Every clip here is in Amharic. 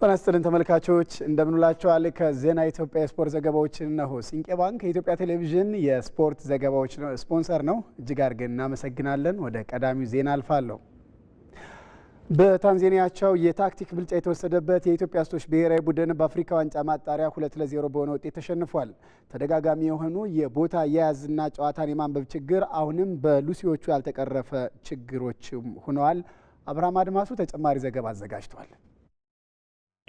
ጤና ይስጥልን ተመልካቾች እንደምንላቸዋል። ከዜና ኢትዮጵያ የስፖርት ዘገባዎች እነሆ። ሲንቄ ባንክ የኢትዮጵያ ቴሌቪዥን የስፖርት ዘገባዎች ስፖንሰር ነው። እጅግ አድርገን እናመሰግናለን። ወደ ቀዳሚው ዜና አልፋለሁ። በታንዛኒያቸው የታክቲክ ብልጫ የተወሰደበት የኢትዮጵያ ሴቶች ብሔራዊ ቡድን በአፍሪካ ዋንጫ ማጣሪያ ሁለት ለዜሮ በሆነ ውጤት ተሸንፏል። ተደጋጋሚ የሆኑ የቦታ አያያዝና ጨዋታን የማንበብ ችግር አሁንም በሉሲዎቹ ያልተቀረፈ ችግሮችም ሆነዋል። አብርሃም አድማሱ ተጨማሪ ዘገባ አዘጋጅቷል።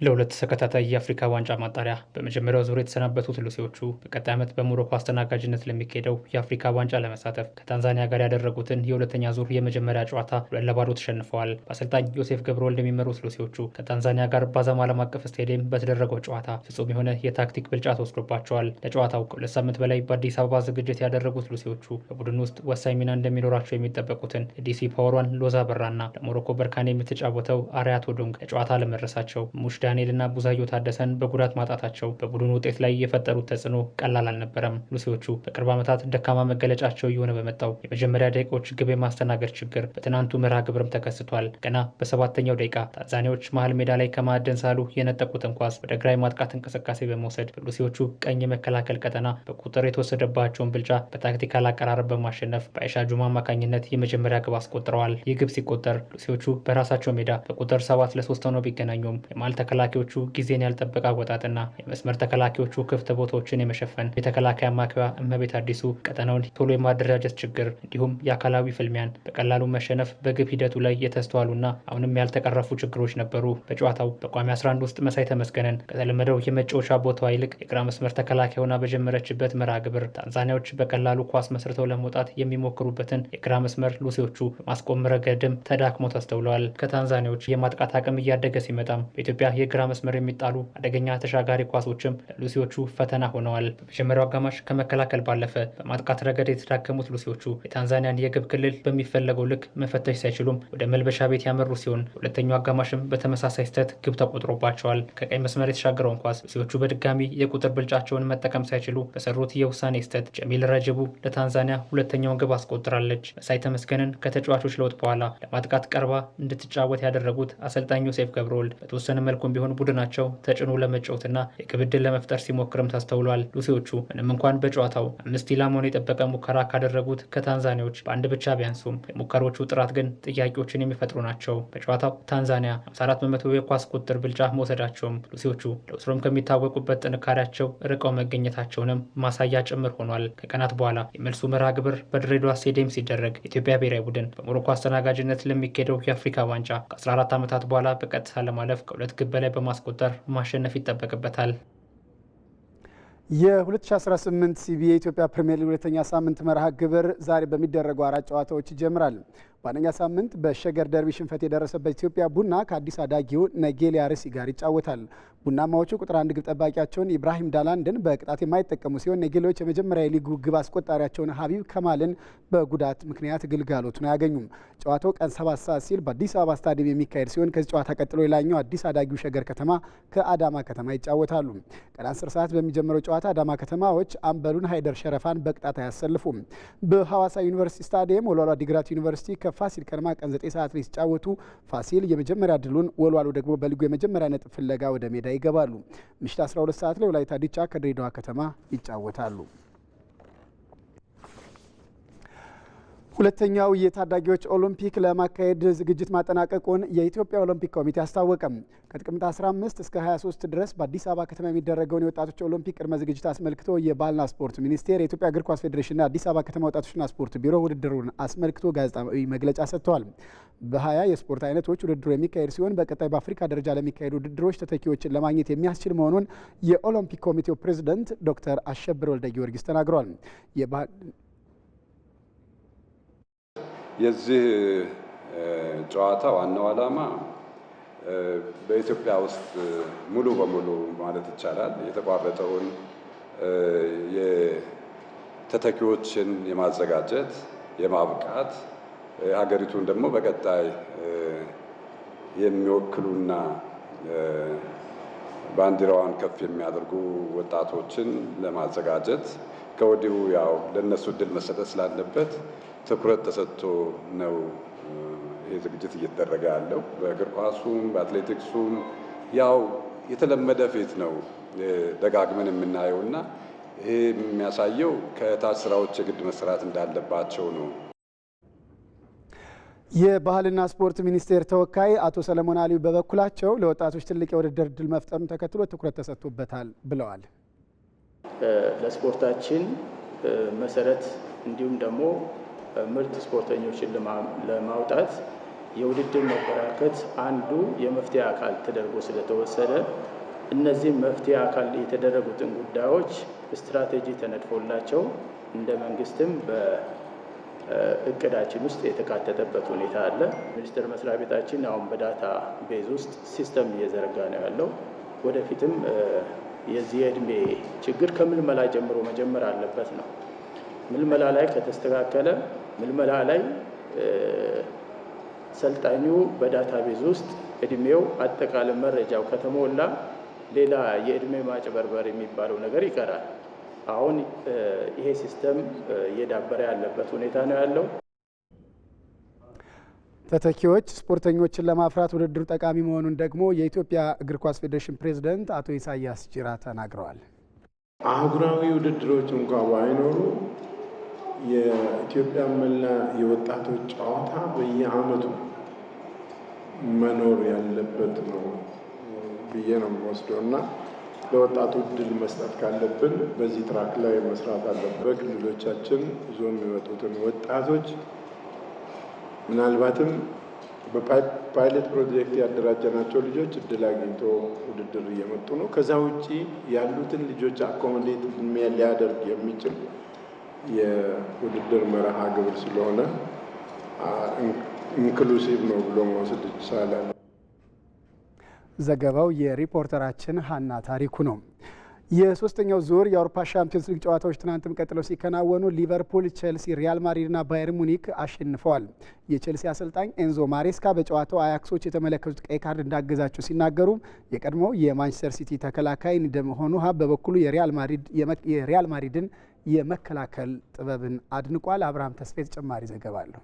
ለሁለት ተከታታይ የአፍሪካ ዋንጫ ማጣሪያ በመጀመሪያው ዙር የተሰናበቱት ሉሲዎቹ በቀጣይ ዓመት በሞሮኮ አስተናጋጅነት ለሚካሄደው የአፍሪካ ዋንጫ ለመሳተፍ ከታንዛኒያ ጋር ያደረጉትን የሁለተኛ ዙር የመጀመሪያ ጨዋታ ሁለት ለባዶ ተሸንፈዋል። በአሰልጣኝ ዮሴፍ ገብረወልድ የሚመሩት ሉሲዎቹ ከታንዛኒያ ጋር ባዛም ዓለም አቀፍ ስቴዲየም በተደረገው ጨዋታ ፍጹም የሆነ የታክቲክ ብልጫ ተወስዶባቸዋል። ለጨዋታው ከሁለት ሳምንት በላይ በአዲስ አበባ ዝግጅት ያደረጉት ሉሲዎቹ በቡድን ውስጥ ወሳኝ ሚና እንደሚኖራቸው የሚጠበቁትን ዲሲ ፓወሯን ሎዛ በራና ለሞሮኮ በርካን የምትጫወተው አርያቶ ዶንግ ለጨዋታ ለመድረሳቸው ሙሽዳ ዳንኤልና ቡዛዮ ታደሰን በጉዳት ማጣታቸው በቡድኑ ውጤት ላይ የፈጠሩት ተጽዕኖ ቀላል አልነበረም። ሉሲዎቹ በቅርብ ዓመታት ደካማ መገለጫቸው እየሆነ በመጣው የመጀመሪያ ደቂቃዎች ግብ የማስተናገድ ችግር በትናንቱ መርሃ ግብርም ተከስቷል። ገና በሰባተኛው ደቂቃ ታንዛኒያዎች መሀል ሜዳ ላይ ከማዕደን ሳሉ የነጠቁትን ኳስ ወደ ግራ ማጥቃት እንቅስቃሴ በመውሰድ ሉሲዎቹ ቀኝ የመከላከል ቀጠና በቁጥር የተወሰደባቸውን ብልጫ በታክቲካል አቀራረብ በማሸነፍ በአይሻ ጁማ አማካኝነት የመጀመሪያ ግብ አስቆጥረዋል። ይህ ግብ ሲቆጠር ሉሲዎቹ በራሳቸው ሜዳ በቁጥር ሰባት ለሶስት ሆነው ቢገናኙም የማል ተከላ ተከላካዮቹ ጊዜን ያልጠበቀ አወጣጥና የመስመር ተከላካዮቹ ክፍት ቦታዎችን የመሸፈን የተከላካይ አማካዋ እመቤት አዲሱ ቀጠናውን ቶሎ የማደራጀት ችግር እንዲሁም የአካላዊ ፍልሚያን በቀላሉ መሸነፍ በግብ ሂደቱ ላይ የተስተዋሉና አሁንም ያልተቀረፉ ችግሮች ነበሩ። በጨዋታው በቋሚ 11 ውስጥ መሳይ ተመስገነን። ከተለመደው የመጫወቻ ቦታዋ ይልቅ የግራ መስመር ተከላካይ ሆና በጀመረችበት መርሃ ግብር ታንዛኒያዎች በቀላሉ ኳስ መስርተው ለመውጣት የሚሞክሩበትን የግራ መስመር ሉሴዎቹ በማስቆም ረገድም ተዳክሞ ተስተውለዋል። ከታንዛኒያዎች የማጥቃት አቅም እያደገ ሲመጣም በኢትዮጵያ የግራ መስመር የሚጣሉ አደገኛ ተሻጋሪ ኳሶችም ለሉሲዎቹ ፈተና ሆነዋል። በመጀመሪያው አጋማሽ ከመከላከል ባለፈ በማጥቃት ረገድ የተዳከሙት ሉሲዎቹ የታንዛኒያን የግብ ክልል በሚፈለገው ልክ መፈተሽ ሳይችሉም ወደ መልበሻ ቤት ያመሩ ሲሆን ሁለተኛው አጋማሽም በተመሳሳይ ስህተት ግብ ተቆጥሮባቸዋል። ከቀይ መስመር የተሻገረውን ኳስ ሉሲዎቹ በድጋሚ የቁጥር ብልጫቸውን መጠቀም ሳይችሉ በሰሩት የውሳኔ ስህተት ጀሚል ረጀቡ ለታንዛኒያ ሁለተኛውን ግብ አስቆጥራለች። መሳይ ተመስገንን ከተጫዋቾች ለውጥ በኋላ ለማጥቃት ቀርባ እንድትጫወት ያደረጉት አሰልጣኙ ሴፍ ገብረወልድ በተወሰነ መልኩ አልፎም ቢሆን ቡድናቸው ተጭኖ ለመጫወትና የግብ ዕድል ለመፍጠር ሲሞክርም ታስተውሏል። ሉሴዎቹ ምንም እንኳን በጨዋታው አምስት ኢላማውን የጠበቀ ሙከራ ካደረጉት ከታንዛኒያዎች በአንድ ብቻ ቢያንሱም የሙከሮቹ ጥራት ግን ጥያቄዎችን የሚፈጥሩ ናቸው። በጨዋታው ታንዛኒያ 54 በመቶ የኳስ ቁጥር ብልጫ መውሰዳቸውም ሉሴዎቹ ለውስሮም ከሚታወቁበት ጥንካሬያቸው ርቀው መገኘታቸውንም ማሳያ ጭምር ሆኗል። ከቀናት በኋላ የመልሱ መርሃ ግብር በድሬዳዋ ስቴዲየም ሲደረግ የኢትዮጵያ ብሔራዊ ቡድን በሞሮኮ አስተናጋጅነት ለሚካሄደው የአፍሪካ ዋንጫ ከ14 ዓመታት በኋላ በቀጥታ ለማለፍ ከሁለት ግበ በላይ በማስቆጠር ማሸነፍ ይጠበቅበታል። የ2018 ሲቢ የኢትዮጵያ ፕሪምየር ሊግ ሁለተኛ ሳምንት መርሃ ግብር ዛሬ በሚደረጉ አራት ጨዋታዎች ይጀምራል። በአንደኛ ሳምንት በሸገር ደርቢ ሽንፈት የደረሰበት ኢትዮጵያ ቡና ከአዲስ አዳጊው ነጌሌ አርሲ ጋር ይጫወታል። ቡናማዎቹ ቁጥር አንድ ግብ ጠባቂያቸውን ኢብራሂም ዳላንድን በቅጣት የማይጠቀሙ ሲሆን ነጌሌዎች የመጀመሪያ የሊጉ ግብ አስቆጣሪያቸውን ሀቢብ ከማልን በጉዳት ምክንያት ግልጋሎቱን አያገኙም። ጨዋታው ቀን ሰባት ሰዓት ሲል በአዲስ አበባ ስታዲየም የሚካሄድ ሲሆን ከዚህ ጨዋታ ቀጥሎ የላኛው አዲስ አዳጊው ሸገር ከተማ ከአዳማ ከተማ ይጫወታሉ። ቀን አስር ሰዓት በሚጀምረው ጨዋታ አዳማ ከተማዎች አምበሉን ሀይደር ሸረፋን በቅጣት አያሰልፉም። በሐዋሳ ዩኒቨርሲቲ ስታዲየም ወልዋሎ ዓዲግራት ዩኒቨርሲቲ ከፋሲል ከነማ ቀን 9 ሰዓት ላይ ሲጫወቱ ፋሲል የመጀመሪያ ድሉን ወልዋሎ ደግሞ በሊጉ የመጀመሪያ ነጥብ ፍለጋ ወደ ሜዳ ይገባሉ። ምሽት 12 ሰዓት ላይ ወላይታ ዲቻ ከድሬዳዋ ከተማ ይጫወታሉ። ሁለተኛው የታዳጊዎች ኦሎምፒክ ለማካሄድ ዝግጅት ማጠናቀቁን የኢትዮጵያ ኦሎምፒክ ኮሚቴ አስታወቀም። ከጥቅምት 15 እስከ 23 ድረስ በአዲስ አበባ ከተማ የሚደረገውን የወጣቶች ኦሎምፒክ ቅድመ ዝግጅት አስመልክቶ የባህልና ስፖርት ሚኒስቴር፣ የኢትዮጵያ እግር ኳስ ፌዴሬሽንና አዲስ አበባ ከተማ ወጣቶችና ስፖርት ቢሮ ውድድሩን አስመልክቶ ጋዜጣዊ መግለጫ ሰጥተዋል። በሀያ የስፖርት አይነቶች ውድድሩ የሚካሄድ ሲሆን በቀጣይ በአፍሪካ ደረጃ ለሚካሄዱ ውድድሮች ተተኪዎችን ለማግኘት የሚያስችል መሆኑን የኦሎምፒክ ኮሚቴው ፕሬዚደንት ዶክተር አሸብር ወልደ ጊዮርጊስ ተናግረዋል። የዚህ ጨዋታ ዋናው ዓላማ በኢትዮጵያ ውስጥ ሙሉ በሙሉ ማለት ይቻላል የተቋረጠውን የተተኪዎችን የማዘጋጀት የማብቃት ሀገሪቱን ደግሞ በቀጣይ የሚወክሉና ባንዲራዋን ከፍ የሚያደርጉ ወጣቶችን ለማዘጋጀት ከወዲሁ ያው ለእነሱ እድል መሰጠት ስላለበት ትኩረት ተሰጥቶ ነው ይህ ዝግጅት እየተደረገ ያለው። በእግር ኳሱም በአትሌቲክሱም ያው የተለመደ ፊት ነው ደጋግመን የምናየው እና ይህ የሚያሳየው ከታች ስራዎች የግድ መሰራት እንዳለባቸው ነው። የባህልና ስፖርት ሚኒስቴር ተወካይ አቶ ሰለሞን አሊዩ በበኩላቸው ለወጣቶች ትልቅ የውድድር ድል መፍጠሩን ተከትሎ ትኩረት ተሰጥቶበታል ብለዋል። ለስፖርታችን መሰረት እንዲሁም ደግሞ ምርጥ ስፖርተኞችን ለማውጣት የውድድር መበራከት አንዱ የመፍትሄ አካል ተደርጎ ስለተወሰደ እነዚህ መፍትሄ አካል የተደረጉትን ጉዳዮች ስትራቴጂ ተነድፎላቸው እንደ መንግስትም እቅዳችን ውስጥ የተካተተበት ሁኔታ አለ። ሚኒስቴር መስሪያ ቤታችን አሁን በዳታ ቤዝ ውስጥ ሲስተም እየዘረጋ ነው ያለው። ወደፊትም የዚህ የእድሜ ችግር ከምልመላ ጀምሮ መጀመር አለበት ነው። ምልመላ ላይ ከተስተካከለ ምልመላ ላይ ሰልጣኙ በዳታ ቤዝ ውስጥ እድሜው አጠቃላይ መረጃው ከተሞላ ሌላ የእድሜ ማጭበርበር የሚባለው ነገር ይቀራል። አሁን ይሄ ሲስተም እየዳበረ ያለበት ሁኔታ ነው ያለው። ተተኪዎች ስፖርተኞችን ለማፍራት ውድድሩ ጠቃሚ መሆኑን ደግሞ የኢትዮጵያ እግር ኳስ ፌዴሬሽን ፕሬዚደንት አቶ ኢሳያስ ጅራ ተናግረዋል። አህጉራዊ ውድድሮች እንኳ ባይኖሩ የኢትዮጵያ መላ የወጣቶች ጨዋታ በየአመቱ መኖር ያለበት ነው ብዬ ነው የምወስደው እና ለወጣቱ እድል መስጠት ካለብን በዚህ ትራክ ላይ መስራት አለብን። በክልሎቻችን ይዞ የሚመጡትን ወጣቶች ምናልባትም በፓይለት ፕሮጀክት ያደራጀናቸው ልጆች እድል አግኝቶ ውድድር እየመጡ ነው። ከዛ ውጭ ያሉትን ልጆች አኮሞዴት ሊያደርግ የሚችል የውድድር መርሃ ግብር ስለሆነ ኢንክሉሲቭ ነው ብሎ መውሰድ ይቻላል። ዘገባው የሪፖርተራችን ሀና ታሪኩ ነው። የሶስተኛው ዙር የአውሮፓ ሻምፒዮንስ ሊግ ጨዋታዎች ትናንትም ቀጥለው ሲከናወኑ ሊቨርፑል፣ ቼልሲ፣ ሪያል ና ባየር ሙኒክ አሸንፈዋል። የቼልሲ አሰልጣኝ ኤንዞ ማሬስካ በጨዋታው አያክሶች የተመለከቱት ቀይ ካርድ እንዳገዛቸው ሲናገሩ የቀድሞው የማንቸስተር ሲቲ ተከላካይ እንደመሆኑ ሀ በበኩሉ የሪያል ማድሪድን የመከላከል ጥበብን አድንቋል። አብርሃም ተስፋ ተጨማሪ ዘገባ አለሁ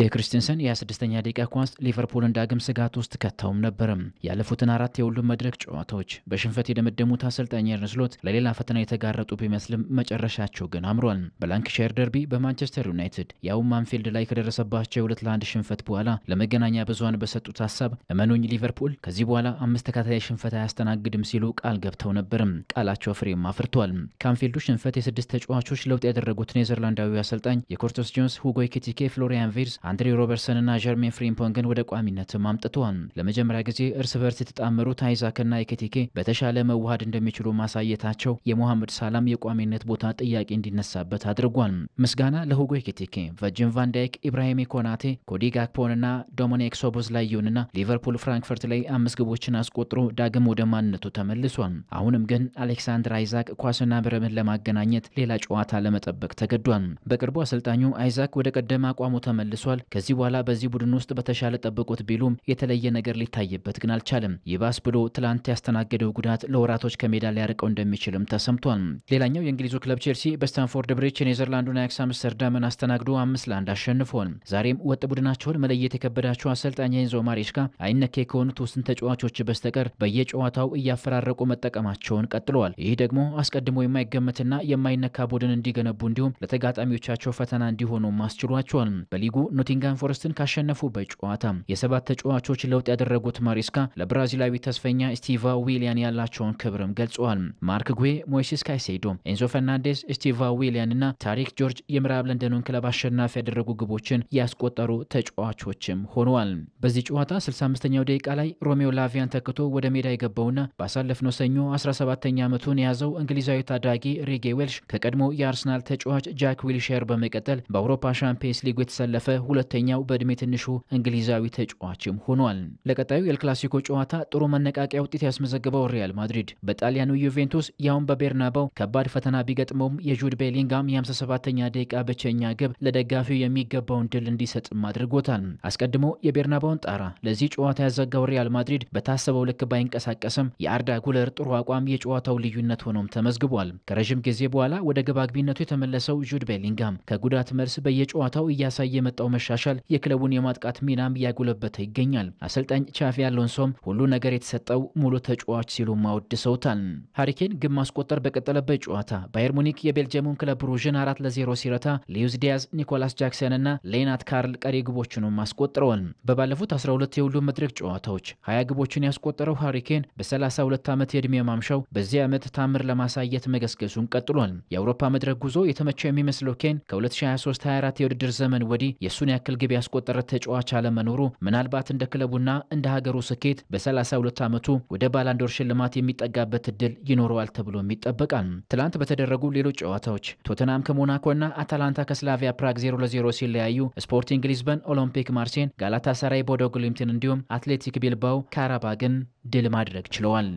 የክሪስቲንሰን የ26ኛ ደቂቃ ኳስ ሊቨርፑልን ዳግም ስጋት ውስጥ ከተውም ነበርም። ያለፉትን አራት የሁሉም መድረክ ጨዋታዎች በሽንፈት የደመደሙት አሰልጣኝ ኤርነ ስሎት ለሌላ ፈተና የተጋረጡ ቢመስልም መጨረሻቸው ግን አምሯል። በላንክሻየር ደርቢ በማንቸስተር ዩናይትድ ያውም አንፊልድ ላይ ከደረሰባቸው የሁለት ለአንድ ሽንፈት በኋላ ለመገናኛ ብዙን በሰጡት ሀሳብ እመኑኝ ሊቨርፑል ከዚህ በኋላ አምስት ተከታታይ ሽንፈት አያስተናግድም ሲሉ ቃል ገብተው ነበርም። ቃላቸው ፍሬም አፍርቷል። ከአንፊልዱ ሽንፈት የስድስት ተጫዋቾች ለውጥ ያደረጉት ኔዘርላንዳዊ አሰልጣኝ የኮርቶስ ጆንስ፣ ሁጎ ኤኪቲኬ፣ ፍሎሪያን ቪርስ አንድሬ ሮበርሰንና ጀርሜን ፍሪምፖንግን ወደ ቋሚነትም አምጥተዋል። ለመጀመሪያ ጊዜ እርስ በርስ የተጣመሩት አይዛክና ኤኬቴኬ በተሻለ መዋሃድ እንደሚችሉ ማሳየታቸው የሞሐመድ ሳላም የቋሚነት ቦታ ጥያቄ እንዲነሳበት አድርጓል። ምስጋና ለሁጎ ኤኬቴኬ፣ ቨርጂን ቫንዳይክ፣ ኢብራሂም ኮናቴ፣ ኮዲ ጋክፖንና ዶሚኒክ ሶቦዝ ላይ ይሁንና ሊቨርፑል ፍራንክፈርት ላይ አምስት ግቦችን አስቆጥሮ ዳግም ወደ ማንነቱ ተመልሷል። አሁንም ግን አሌክሳንድር አይዛክ ኳስና ብረምን ለማገናኘት ሌላ ጨዋታ ለመጠበቅ ተገዷል። በቅርቡ አሰልጣኙ አይዛክ ወደ ቀደመ አቋሙ ተመልሷል። ተሰጥቷል። ከዚህ በኋላ በዚህ ቡድን ውስጥ በተሻለ ጠብቁት ቢሉም የተለየ ነገር ሊታይበት ግን አልቻለም። ይባስ ብሎ ትላንት ያስተናገደው ጉዳት ለወራቶች ከሜዳ ሊያርቀው እንደሚችልም ተሰምቷል። ሌላኛው የእንግሊዙ ክለብ ቼልሲ በስታንፎርድ ብሪጅ የኔዘርላንዱን አያክስ አምስተርዳምን አስተናግዶ አምስት ለአንድ አሸንፏል። ዛሬም ወጥ ቡድናቸውን መለየት የከበዳቸው አሰልጣኝ ኤንዞ ማሬስካ አይነኬ ከሆኑት ውስን ተጫዋቾች በስተቀር በየጨዋታው እያፈራረቁ መጠቀማቸውን ቀጥለዋል። ይህ ደግሞ አስቀድሞ የማይገመትና የማይነካ ቡድን እንዲገነቡ እንዲሁም ለተጋጣሚዎቻቸው ፈተና እንዲሆኑ ማስችሏቸዋል። በሊጉ ኖቲንጋም ፎረስትን ካሸነፉበት ጨዋታ የሰባት ተጫዋቾች ለውጥ ያደረጉት ማሪስካ ለብራዚላዊ ተስፈኛ ስቲቫ ዊሊያን ያላቸውን ክብርም ገልጸዋል። ማርክ ጉዌ፣ ሞይሲስ ካይሴዶ፣ ኤንዞ ፈርናንዴስ፣ ስቲቫ ዊሊያን እና ታሪክ ጆርጅ የምዕራብ ለንደኑን ክለብ አሸናፊ ያደረጉ ግቦችን ያስቆጠሩ ተጫዋቾችም ሆነዋል። በዚህ ጨዋታ 65ኛው ደቂቃ ላይ ሮሜዮ ላቪያን ተክቶ ወደ ሜዳ የገባውና ባሳለፍነው ሰኞ 17ኛ ዓመቱን የያዘው እንግሊዛዊ ታዳጊ ሪጌ ዌልሽ ከቀድሞ የአርሰናል ተጫዋች ጃክ ዊልሼር በመቀጠል በአውሮፓ ሻምፒየንስ ሊጉ የተሰለፈ ሁለተኛው በእድሜ ትንሹ እንግሊዛዊ ተጫዋችም ሆኗል። ለቀጣዩ የልክላሲኮ ክላሲኮ ጨዋታ ጥሩ መነቃቂያ ውጤት ያስመዘግበው ሪያል ማድሪድ በጣሊያኑ ዩቬንቱስ ያውም በቤርናባው ከባድ ፈተና ቢገጥመውም የጁድ ቤሊንጋም የ57ኛ ደቂቃ ብቸኛ ግብ ለደጋፊው የሚገባውን ድል እንዲሰጥም አድርጎታል። አስቀድሞ የቤርናባውን ጣራ ለዚህ ጨዋታ ያዘጋው ሪያል ማድሪድ በታሰበው ልክ ባይንቀሳቀስም የአርዳ ጉለር ጥሩ አቋም የጨዋታው ልዩነት ሆኖም ተመዝግቧል። ከረዥም ጊዜ በኋላ ወደ ግብ አግቢነቱ የተመለሰው ጁድ ቤሊንጋም ከጉዳት መልስ በየጨዋታው እያሳየ የመጣው በማሻሻል የክለቡን የማጥቃት ሚናም እያጎለበተ ይገኛል። አሰልጣኝ ቻፊ አሎንሶም ሁሉ ነገር የተሰጠው ሙሉ ተጫዋች ሲሉ ማወድሰውታል። ሀሪኬን ግብ ማስቆጠር በቀጠለበት ጨዋታ ባየር ሙኒክ የቤልጅየሙን ክለብ ሩዥን አራት ለዜሮ ሲረታ ሊዩዝ ዲያዝ፣ ኒኮላስ ጃክሰን እና ሌናት ካርል ቀሪ ግቦችንም አስቆጥረዋል። በባለፉት 12 የሁሉም መድረክ ጨዋታዎች 20 ግቦችን ያስቆጠረው ሀሪኬን በ32 ዓመት የዕድሜ ማምሻው በዚህ ዓመት ታምር ለማሳየት መገስገሱን ቀጥሏል። የአውሮፓ መድረክ ጉዞ የተመቸው የሚመስለው ኬን ከ2023/24 የውድድር ዘመን ወዲህ የ የእሱን ያክል ግብ ያስቆጠረ ተጫዋች አለመኖሩ ምናልባት እንደ ክለቡና እንደ ሀገሩ ስኬት በ32 ዓመቱ ወደ ባላንዶር ሽልማት የሚጠጋበት እድል ይኖረዋል ተብሎም ይጠበቃል። ትላንት በተደረጉ ሌሎች ጨዋታዎች ቶተናም ከሞናኮና አታላንታ ከስላቪያ ፕራግ 0 ለ0 ሲለያዩ ስፖርቲንግ ሊዝበን ኦሎምፒክ ማርሴን፣ ጋላታሳራይ ቦዶ ግሊምትን እንዲሁም አትሌቲክ ቢልባው ካራባግን ድል ማድረግ ችለዋል።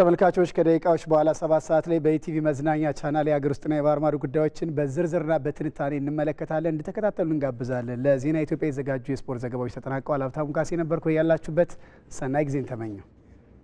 ተመልካቾች ከደቂቃዎች በኋላ ሰባት ሰዓት ላይ በኢቲቪ መዝናኛ ቻናል የሀገር ውስጥና የባህር ማዶ ጉዳዮችን በዝርዝርና በትንታኔ እንመለከታለን። እንድተከታተሉ እንጋብዛለን። ለዜና ኢትዮጵያ የዘጋጁ የስፖርት ዘገባዎች ተጠናቀዋል። ሀብታሙ ካሴ ነበርኩ። ያላችሁበት ሰናይ ጊዜን ተመኘው።